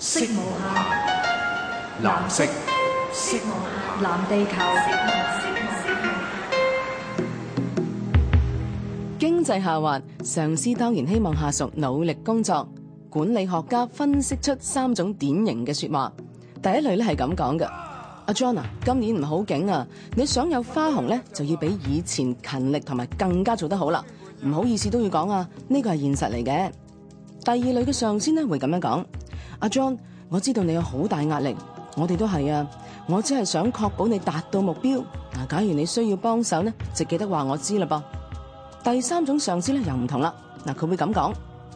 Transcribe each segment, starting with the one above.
色無下，藍色。藍色無下，藍地球。經濟下滑，上司當然希望下屬努力工作。管理學家分析出三種典型嘅說話。第一類咧係咁講嘅：阿 John 啊，啊 John，今年唔好景啊，你想有花紅咧，就要比以前勤力同埋更加做得好啦。唔好意思都要講啊，呢個係現實嚟嘅。第二類嘅上司咧會咁樣講。阿 John，我知道你有好大壓力，我哋都係啊，我只係想確保你達到目標。嗱，假如你需要幫手呢，就記得話我知啦噃。第三種上司咧又唔同啦，嗱，佢會咁講：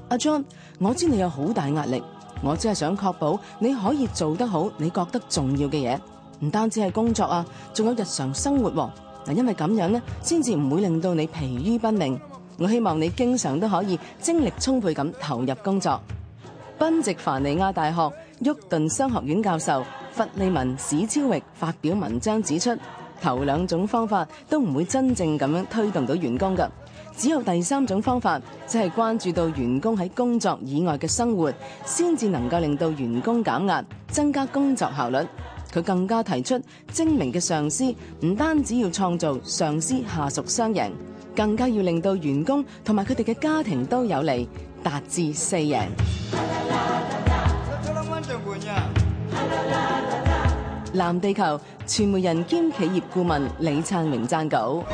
阿 John，我知你有好大壓力，我只係想確保你可以做得好，你覺得重要嘅嘢，唔單止係工作啊，仲有日常生活。嗱，因為咁樣呢，先至唔會令到你疲於奔命。我希望你經常都可以精力充沛咁投入工作。賓夕凡尼亞大學沃頓商學院教授弗利文史超域發表文章指出，頭兩種方法都唔會真正咁樣推動到員工噶，只有第三種方法，即係關注到員工喺工作以外嘅生活，先至能夠令到員工減壓、增加工作效率。佢更加提出，精明嘅上司唔單止要創造上司下屬雙贏，更加要令到員工同埋佢哋嘅家庭都有利。達至四贏。藍地球傳媒人兼企業顧問李燦榮撰稿。